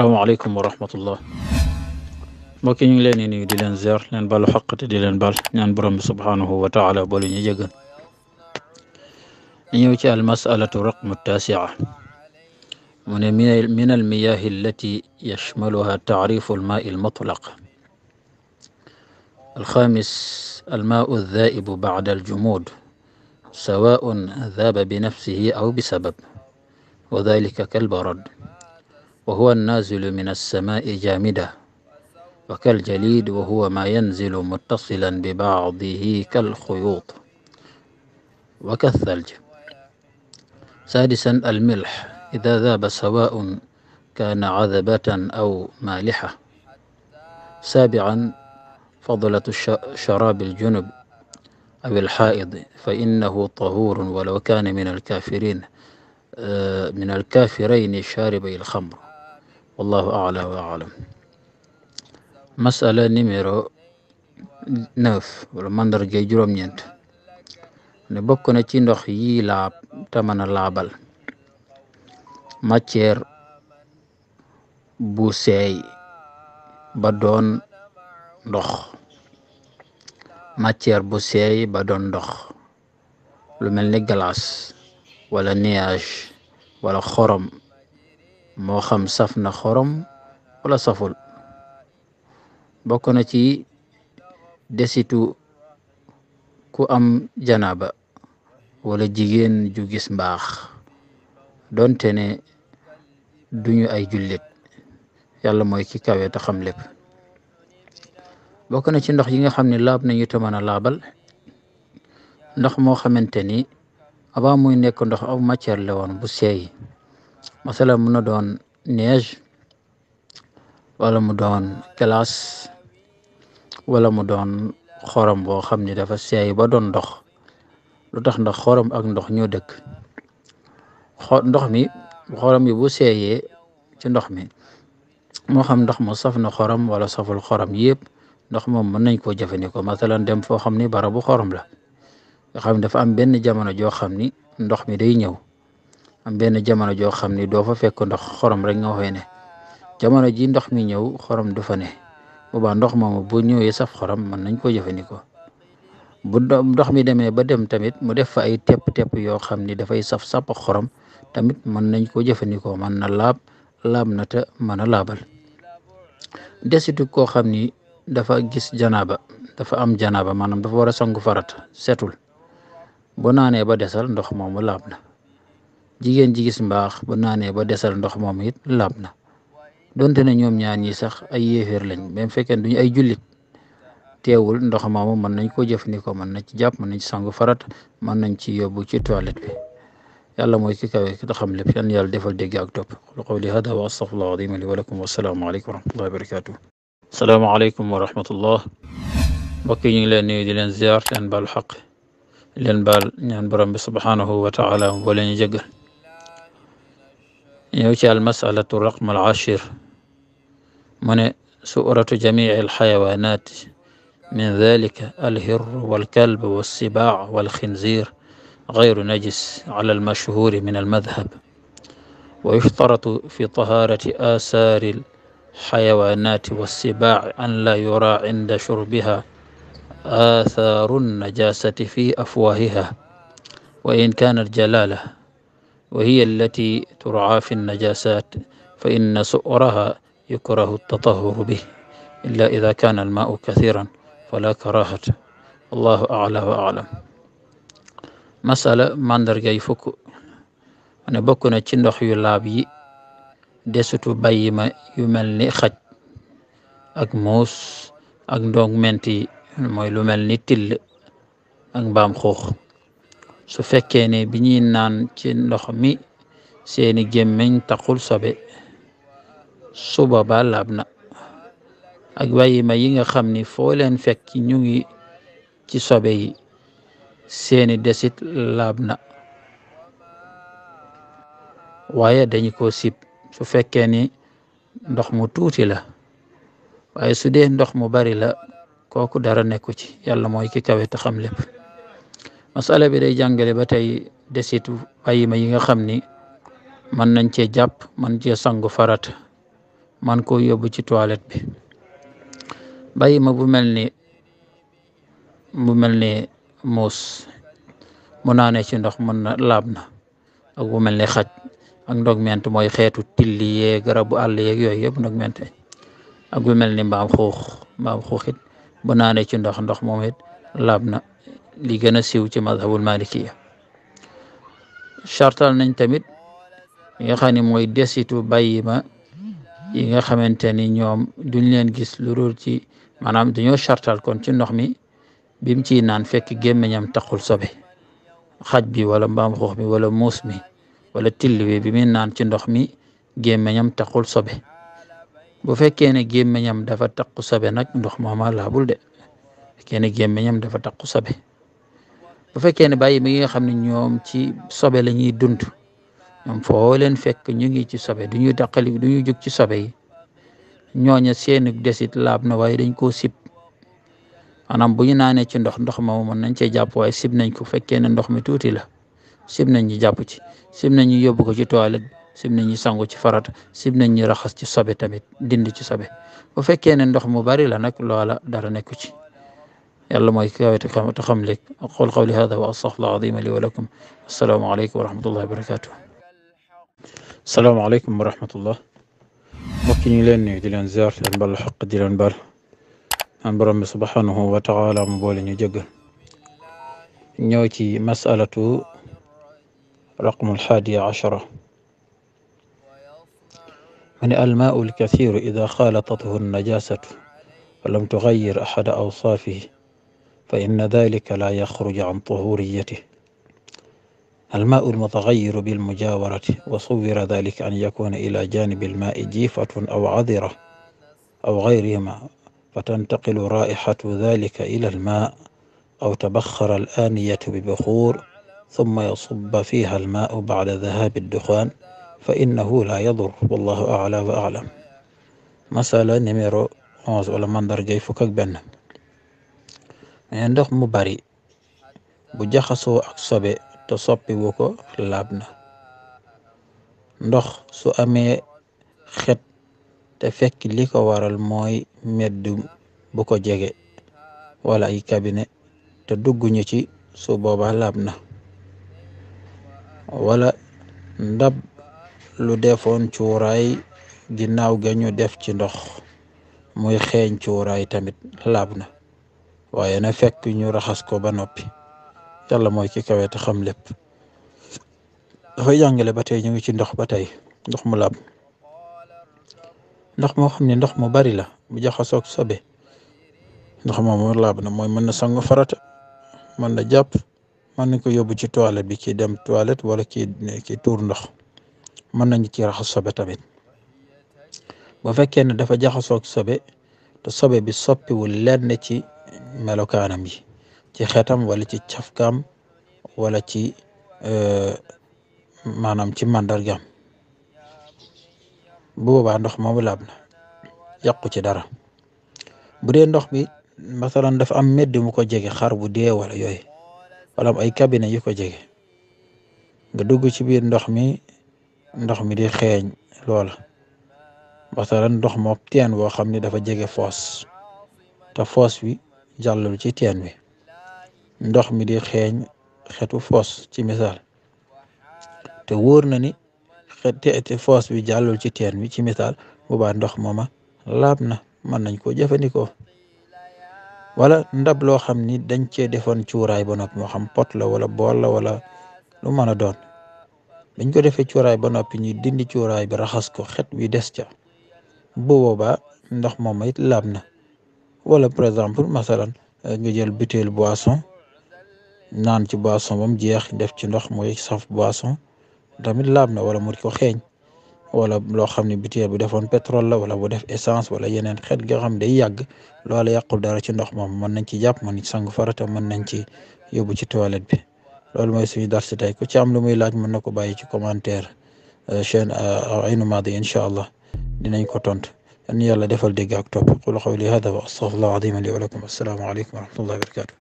السلام عليكم ورحمة الله مكين لاني ني دي لان زير لان بال حق دي لان بال نان برام سبحانه وتعالى بولي ني جيغن نيو تي المسألة رقم التاسعة من من المياه التي يشملها تعريف الماء المطلق الخامس الماء الذائب بعد الجمود سواء ذاب بنفسه أو بسبب وذلك كالبرد وهو النازل من السماء جامدة وكالجليد وهو ما ينزل متصلا ببعضه كالخيوط وكالثلج سادسا الملح إذا ذاب سواء كان عذبة أو مالحة سابعا فضلة شراب الجنب أو الحائض فإنه طهور ولو كان من الكافرين آه، من الكافرين شاربي الخمر والله أعلى وأعلم مسألة نميرو نوف ولا مندر جاي جروم نينت نبقنا تيندوخ يي لاب تمنى لابل ماتير بو سي بدون دوخ ماتير بو سي بدون دوخ لو ملني غلاس ولا نياش ولا خرم moo xam saf na xorom wala saful bokk na ci desitu ku am janaaba wala jigéen ju gis mbaax donte ne duñu ay jullit yàlla mooy ki kawe te xam lépp bokk na ci ndox yi nga xam ne laab nañu te mën a laabal ndox moo xamante ni avant muy nekk ndox aw matière la woon bu sey masala mun na doon neige wala mu doon glace wala mu doon xorom boo xam ni dafa seey ba doon ndox lu tax ndax xorom ak ndox ñoo dëkk ndox mi xorom yi bu seeyee ci ndox mi moo xam ndox mu saf na xorom wala saful xorom yëpp ndox moom mën nañ koo jëfandikoo masalan dem foo xam ni bu xorom la nga xam dafa am benn jamono joo xam ni ndox mi day ñëw am benn jamono joo xam ni doo fa fekk ndox xorom rek nga waxee ne jamono ji ndox mi ñëw xorom du fa ne boobaa ndox moomu bu ñëwee saf xorom mën nañ ko jëfandikoo bu ndox mi demee ba dem tamit mu def fa ay tepp-tepp yoo xam ni dafay saf sàpp xorom tamit mën nañ ko jëfandikoo mën na laab laab na te mën a laabal desitu koo xam ni dafa gis janaaba dafa am janaaba maanaam dafa war a sangu farat setul bu naanee ba desal ndox moomu laab na jigéen ji gis mbaax bu naanee ba desal ndox moom it laab na donte ne ñoom ñaar ñi sax ay yéeféer lañ même fekken duñu ay jullit teewul ndox moomu mën nañ ko jëfandikoo mën nañ ci jàpp nañ ci sangu farat mën nañ ci yóbbu ci toilette bi yàlla mooy ki kawe ki xam lépp yàlla defal dégg ak topp qul qawli hada wa astaghfirullah al-azim li wa lakum mbokk yi ñu ngi leen nuyu di leen ziar leen baalu xaq leen ñaan borom bi subhaanahu wa taala boo leen jëggal يوجي المسألة الرقم العاشر من سؤرة جميع الحيوانات من ذلك الهر والكلب والسباع والخنزير غير نجس على المشهور من المذهب ويشترط في طهارة آثار الحيوانات والسباع أن لا يرى عند شربها آثار النجاسة في أفواهها وإن كانت جلالة وهي التي ترعى في النجاسات فإن سؤرها يكره التطهر به إلا إذا كان الماء كثيرا فلا كراهة الله أعلى وأعلم masala màndargay fukk mu ne bokk na ci ndox yu laab yi desutu bàyyi ma yu mel ni xaj ak muus ak ndong ment yi mooy lu mel ni till ak mbaam xuux su fekkee ne bi ñuy naan ci ndox mi seeni gémmiñ taxul sobe su boobaa laab na ak bàyyima yi nga xam ni foo leen fekk ñu ngi ci sobe yi seeni desit laab na waaye dañu ko sib su fekkee ni ndox mu tuuti la waaye su dee ndox mu bari la kooku dara nekku ci yàlla mooy ki kawe te xam lépp masala bi day jàngale ba tey desitu bàyyi ma yi nga xam ni mën nañ cee jàpp man cee sangu farat man koo yóbbu ci toilette bi bàyyi ma bu mel ni bu mel ni muus mu naane ci ndox mën na laab na a bu mel ni xaj ak ndogment mooy xeetu tilli yee garabu àll yeeg yooyu yëpp ndogment ak bu mel ni mbaam xuux mbaam xuuxit bu naane ci ndox ndox moom it laab na li gën a siiw ci madhabul malikiya chartal nañ tamit yi nga xam ne mooy desitu bàyyi ma yi nga xamante ni ñoom duñ leen gis lu dul ci maanaam dañoo chartal kon ci ndox mi bim ci naan fekk gémmiñam taxul sobe xaj bi wala mbaam xuux mi wala muus mi wala till bi bi naan ci ndox mi gémmiñam taxul sobe bu fekkee ne gémmiñam dafa taqu sobe nag ndox mooma laabul de fekkee ne gémmiñam dafa taqu sobe bu fekkee ne bàyyi mi nga xam ne ñoom ci sobe la ñuy dund ñoom foo leen fekk ñu ngi ci sobe du ñuy daqali du jóg ci sobe yi ñooña seeni desit laab na waaye dañ koo sib maanaam bu ñu naanee ci ndox ndox moomu mën nañ cee jàpp waaye sib nañ ko fekkee ne ndox mi tuuti la sib nañ ñu jàpp ci sib nañ ñu yóbbu ko ci toilette sib nañ sangu ci farat sib nañ ñu raxas ci sobe tamit dindi ci sobe bu fekkee ne ndox mu bari la nag lola dara nekku ci يلا ما تخملك أقول قولي هذا وأستغفر الله العظيم لي ولكم السلام عليكم ورحمة الله وبركاته السلام عليكم ورحمة الله ممكن لأني دلان زيارة بل الحق دلان بال أنبر رمي سبحانه وتعالى مبول جقل نيوتي مسألة رقم الحادي عشرة من الماء الكثير إذا خالطته النجاسة ولم تغير أحد أوصافه فإن ذلك لا يخرج عن طهوريته الماء المتغير بالمجاورة وصور ذلك أن يكون إلى جانب الماء جيفة أو عذرة أو غيرهما فتنتقل رائحة ذلك إلى الماء أو تبخر الآنية ببخور ثم يصب فيها الماء بعد ذهاب الدخان فإنه لا يضر والله أعلى وأعلم مسألة نمرو أعز ولا درجي فكك بينهم ne eh, ndox mu bari bu jaxasoo a sobe te soppiwu ko laab na ndox su amee xet te fekk li ko waral mooy medd bu ko jege wala ay kabine te dugguñu ci su booba laab na wala ndab lu defoon cuuraay ginnaaw ga ñu def ci ndox muy xeeñ cuuraay tamit laab na waaye na fekk ñu raxas ko ba noppi yàlla mooy ki kawe xam lépp dafay jàngale ba tey ñu ngi ci ndox ba tey ndox mu laab ndox moo xam ne ndox mu bari la mu jaxasoog sobe ndox moomu laab na mooy mën na sangu farata mën na jàpp mën nañ ko yóbbu ci toilette bi kii dem toilette wala kii tuur ndox mën nañu ci raxas sobe tamit bu fekkee ne dafa jaxasoog sobe te sobe bi soppiwul lenn ci melokaanam yi ci xeetam wala ci cafkaam wala ci euh, maanaam ci màndargaam bu boobaa ndox moomu laab na ci dara bu dee ndox bi masalan dafa am medd mu ko jege xar bu dee wala yooy wala am ay cabinet yu ko jege nga dugg ci biir ndox mi ndox mi di xeeñ loola masalan ndox moom teen boo xam ne dafa jege foos te foos jàllul ci teen wi ndox mi di xeeñ xeetu foos ci misaal te wóor na ni xeeti foos bi jàllul ci teen wi ci misaal boobaa ndox mooma laab na mën nañ koo jëfandikoo wala ndab loo xam ni dañ cee defoon cuuraay ba noppi moo xam pot la wala bool la wala lu mën a doon biñ ko defee cuuraay ba noppi ñu dindi cuuraay ba raxas ko xet wi des ca bu boobaa ndox mooma it laab na wala par exemple masalan nga jël butéel boisson naan ci boisson ba mu jeex def ci ndox muy saf boisson tamit laab na wala mu ko xeeñ wala loo xam ne butéel bu defoon pétrole la wala bu def essence wala yeneen xeet nga xam day yàgg loola yàqul dara ci ndox moom mën nañ ci jàpp mën nañ ci sangu farata mën nañ ci yóbbu ci toilette bi loolu mooy suñu dar si tey ku ci am lu muy laaj mën na ko bàyyi ci commentaire chaîne Aïnou Mady incha allah dinañ ko tontu. أن يلا دفل دقاق توب قول قولي هذا وأستغفر الله العظيم لي ولكم والسلام عليكم ورحمة الله وبركاته